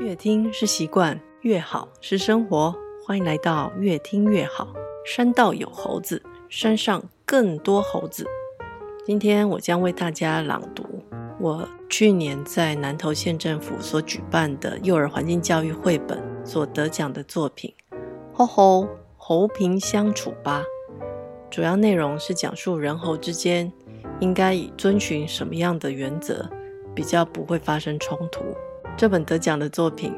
閱聽是習慣，閱好是生活。歡迎來到閱聽閱好。山道有猴子，山上更多猴子。今天我將為大家朗讀我去年在南投縣政府所舉辦的幼兒環境教育繪本所得獎的作品《吼吼，猴平相處吧》。主要內容是講述人猴之間應該以遵循什麼樣的原則，比較不會發生衝突。這本得獎的作品，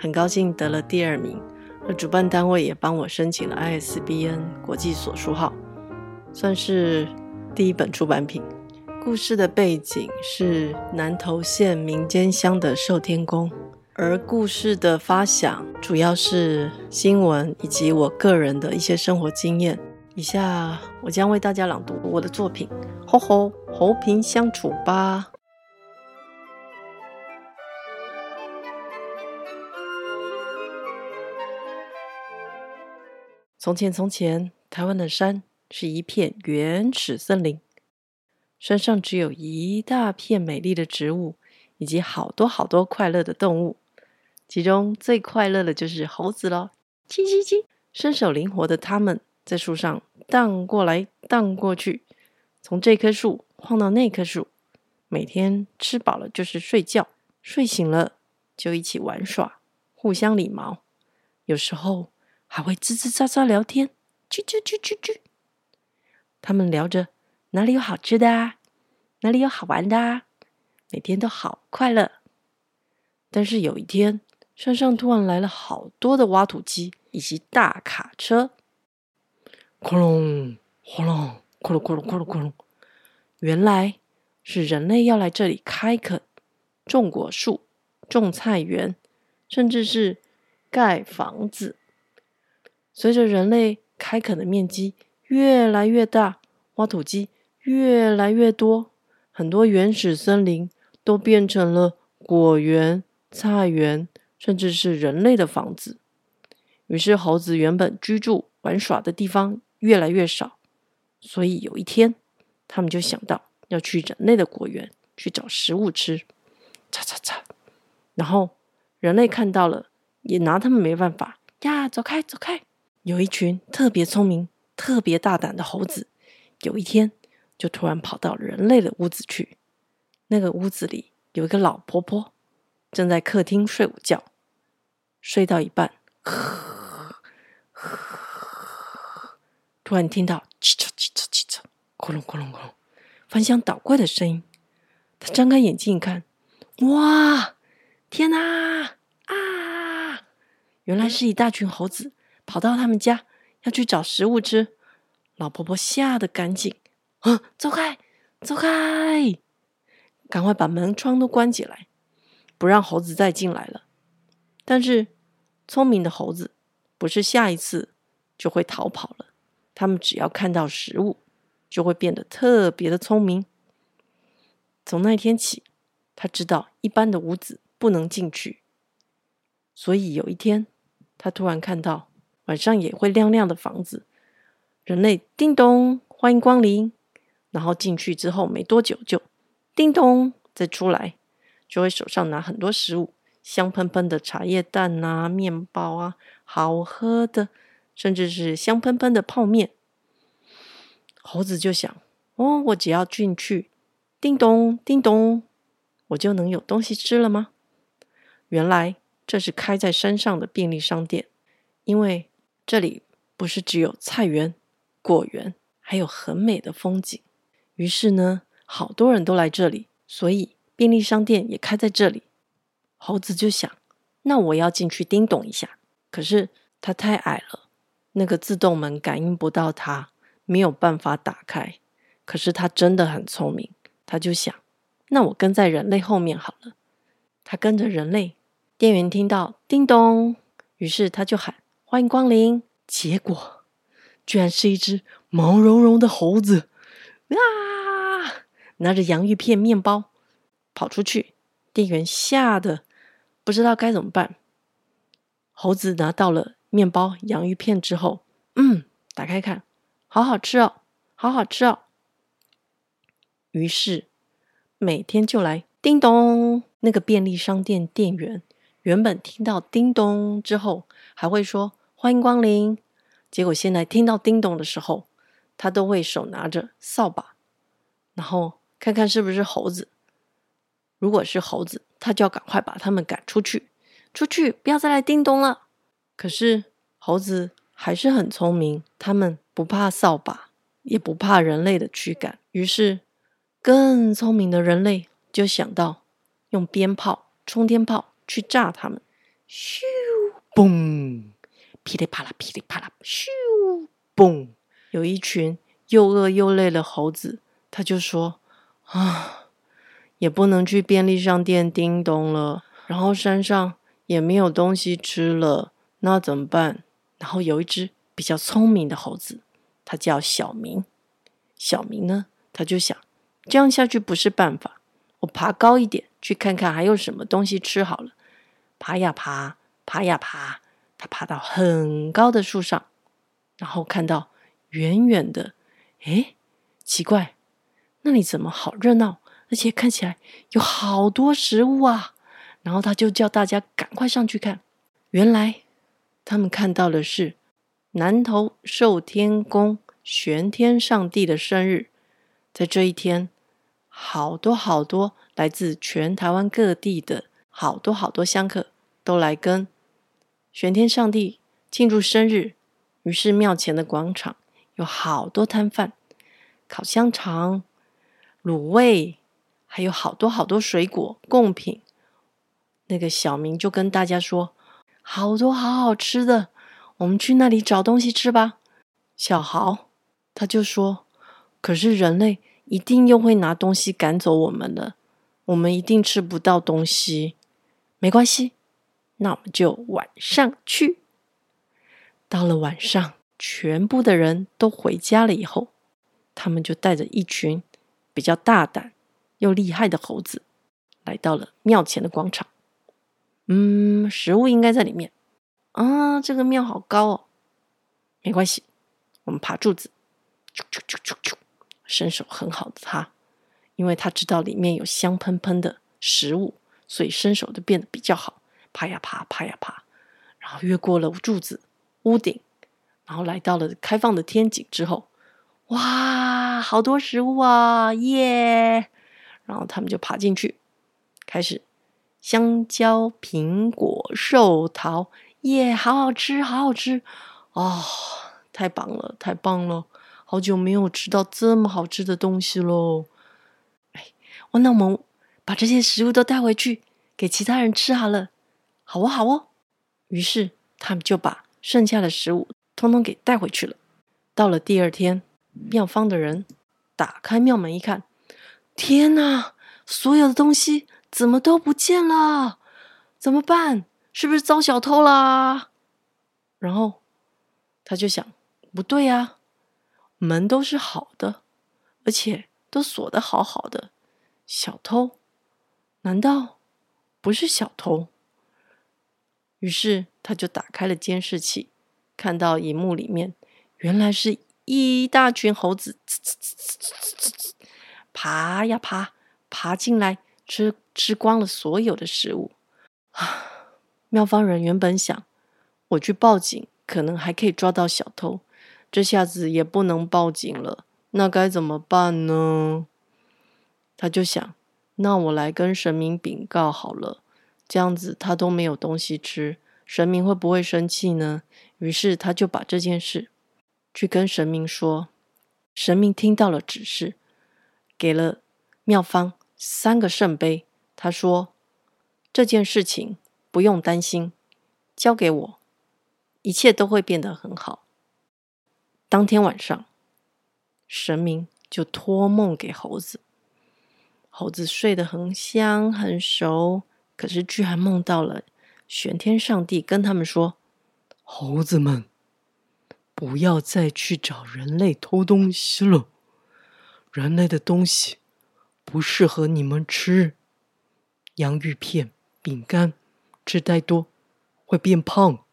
很高興得了第二名，而主辦單位也幫我申請了 ISBN 國際索書號，算是第一本出版品。故事的背景是南投縣民間鄉的受天宮，而故事的發想主要是新聞以及我個人的一些生活經驗。以下我將為大家朗讀我的作品，吼吼，猴平相處吧。從前，從前，台灣的山是一片原始森林，山上只有一大片美麗的植物，以及好多好多快樂的動物。其中最快樂的就是猴子嘍！唧唧唧，身手靈活的它們在樹上盪過來盪過去，從這棵樹晃到那棵樹。每天吃飽了就是睡覺，睡醒了就一起玩耍，互相理毛。有時候。還會吱吱喳喳聊天，啾啾啾啾啾。他們聊着哪裡有好吃的啊，哪裡有好玩的啊，每天都好快樂。但是有一天，山上突然來了好多的挖土機以及大卡車，轟隆轟隆轟隆轟隆，原來是人類要來這裡開墾、種果樹、種菜園，甚至是蓋房子。隨着人類開墾的面積越來越大，挖土機越來越多，很多原始森林都變成了果園、菜園，甚至是人類的房子。於是，猴子原本居住玩耍的地方越來越少，所以有一天，他們就想到要去人類的果園去找食物吃。嚓嚓嚓！然後，人類看到了，也拿他們沒辦法呀，走開，走開！有一群特別聰明、特別大膽的猴子，有一天就突然跑到人類的屋子去。那個屋子裡有一個老婆婆，正在客廳睡午覺。睡到一半，嗬嗬，突然聽到“嘰喳嘰喳嘰喳”“咕隆咕隆咕隆”翻箱倒櫃的聲音。她睜開眼睛一看，哇！天哪！啊！原來是一大群猴子。跑到他們家要去找食物吃，老婆婆嚇得趕緊啊，走開，走開，趕快把門窗都關起來，不讓猴子再進來了。但是聰明的猴子不是下一次就會逃跑了，他們只要看到食物，就會變得特別的聰明。從那天起，他知道一般的屋子不能進去，所以有一天他突然看到。晚上也會亮亮的房子，人類叮咚歡迎光臨，然後進去之後沒多久就叮咚再出來，就會手上拿很多食物，香噴噴的茶葉蛋啊、麵包啊、好喝的，甚至是香噴噴的泡麵。猴子就想：哦，我只要進去叮咚叮咚，我就能有東西吃了嗎？原來這是開在山上的便利商店，因為。這裡不是只有菜園、果園，還有很美的風景。於是呢，好多人都來這裡，所以便利商店也開在這裡。猴子就想：“那我要進去叮咚一下。”可是它太矮了，那個自動門感應不到它，沒有辦法打開。可是它真的很聰明，它就想：“那我跟在人類後面好了。”它跟着人類，店員聽到“叮咚”，於是他就喊。歡迎光臨！結果居然是一隻毛茸茸的猴子啊，拿着洋芋片麵包跑出去，店員嚇得不知道該怎麼辦。猴子拿到了麵包洋芋片之後，嗯，打開看，好好吃哦，好好吃哦。於是每天就來叮咚那個便利商店。店員原本聽到叮咚之後，還會說，歡迎光臨。結果現在聽到叮咚的時候，他都會手拿着掃把，然後看看是不是猴子。如果是猴子，他就要趕快把他們趕出去，出去不要再來叮咚了。可是猴子還是很聰明，他們不怕掃把，也不怕人類的驅趕。於是更聰明的人類就想到用鞭炮、沖天炮去炸他們。咻，嘣。噼裡啪啦，噼裡啪啦，咻嘣！有一群又餓又累的猴子，他就說：“啊，也不能去便利商店叮咚了，然後山上也沒有東西吃了，那怎麼辦？”然後有一隻比較聰明的猴子，它叫小明。小明呢，他就想：這樣下去不是辦法，我爬高一點去看看還有什麼東西吃好了。爬呀爬，爬呀爬。他爬到很高的樹上，然後看到遠遠的，哎，奇怪，那裡怎麼好熱鬧？而且看起來有好多食物啊！然後他就叫大家趕快上去看。原來他們看到的是南投受天宮玄天上帝的生日，在這一天，好多好多來自全台灣各地的好多好多香客都來跟。玄天上帝慶祝生日，於是廟前的廣場有好多攤販，烤香腸、滷味，還有好多好多水果貢品。那個小明就跟大家說：“好多好好吃的，我們去那裡找東西吃吧。”小豪他就說：“可是人類一定又會拿東西趕走我們的，我們一定吃不到東西。”沒關係。那我們就晚上去。到了晚上，全部的人都回家了以後，他們就帶着一群比較大膽又厲害的猴子，來到了廟前的廣場。嗯，食物應該在裡面。啊，這個廟好高哦！沒關係，我們爬柱子。咻咻咻咻咻，身手很好的他，因為他知道裡面有香噴噴的食物，所以身手都變得比較好。爬呀爬，爬呀爬，然後越過了柱子、屋頂，然後來到了開放的天井之後，哇，好多食物啊，耶！然後他們就爬進去，開始香蕉、蘋果、壽桃，耶，好好吃，好好吃，哦，太棒了，太棒了！好久沒有吃到這麼好吃的東西嘍。哎，我、哦、那我們把這些食物都帶回去給其他人吃好了。好哦，好哦。於是他們就把剩下的食物通通給帶回去了。到了第二天，廟方的人打開廟門一看，天吶，所有的東西怎麼都不見了？怎麼辦？是不是遭小偷啦？然後他就想，不對呀、啊，門都是好的，而且都鎖得好好的，小偷？難道不是小偷？於是他就打開了監視器，看到熒幕裡面，原來是一大群猴子，吱吱吱吱爬呀爬，爬進來吃吃光了所有的食物。啊！廟方人原本想，我去報警，可能還可以抓到小偷，這下子也不能報警了，那該怎麼辦呢？他就想，那我來跟神明稟告好了。這樣子他都沒有東西吃，神明會不會生氣呢？於是他就把這件事去跟神明說，神明聽到了指示，給了廟方三個聖杯。他說：“這件事情不用擔心，交給我，一切都會變得很好。”當天晚上，神明就托夢給猴子，猴子睡得很香很熟。可是，居然夢到了玄天上帝跟他們說：“猴子們，不要再去找人類偷東西了。人類的東西不適合你們吃，洋芋片、餅乾吃太多會變胖，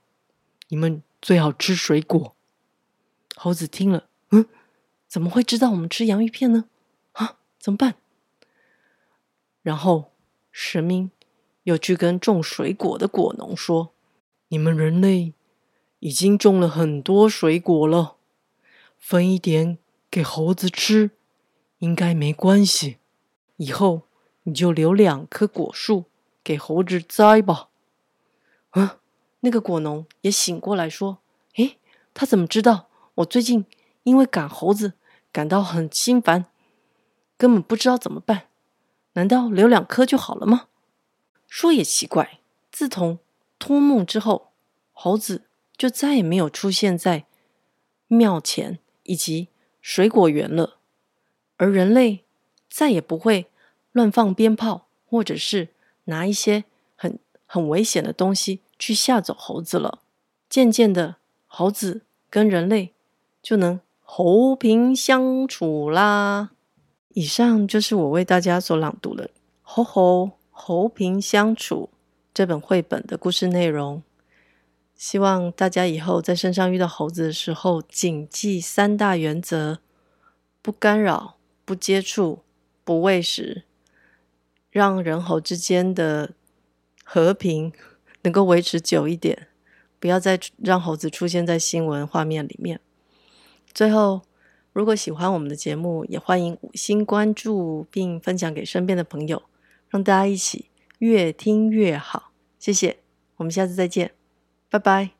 你們最好吃水果。”猴子聽了，嗯，怎麼會知道我們吃洋芋片呢？啊，怎麼辦？然後神明。又去跟種水果的果農說：“你們人類已經種了很多水果了，分一點給猴子吃應該沒關係。以後你就留兩棵果樹給猴子栽吧。”啊，那個果農也醒過來說：“哎，他怎麼知道？我最近因為趕猴子感到很心煩，根本不知道怎麼辦。難道留兩顆就好了嗎？”說也奇怪，自從托夢之後，猴子就再也沒有出現在廟前以及水果園了，而人類再也不會亂放鞭炮，或者是拿一些很很危險的東西去嚇走猴子了。漸漸的，猴子跟人類就能和平相處啦。以上就是我為大家所朗讀的猴猴，吼吼。猴平相處這本繪本的故事內容，希望大家以後在山上遇到猴子的時候，謹記三大原則：不干擾、不接觸、不餵食，讓人猴之間的和平能夠維持久一點。不要再讓猴子出現在新聞畫面裡面。最後，如果喜歡我們的節目，也歡迎五星關注，並分享給身邊的朋友。讓大家一起越聽越好，謝謝，我們下次再見，拜拜。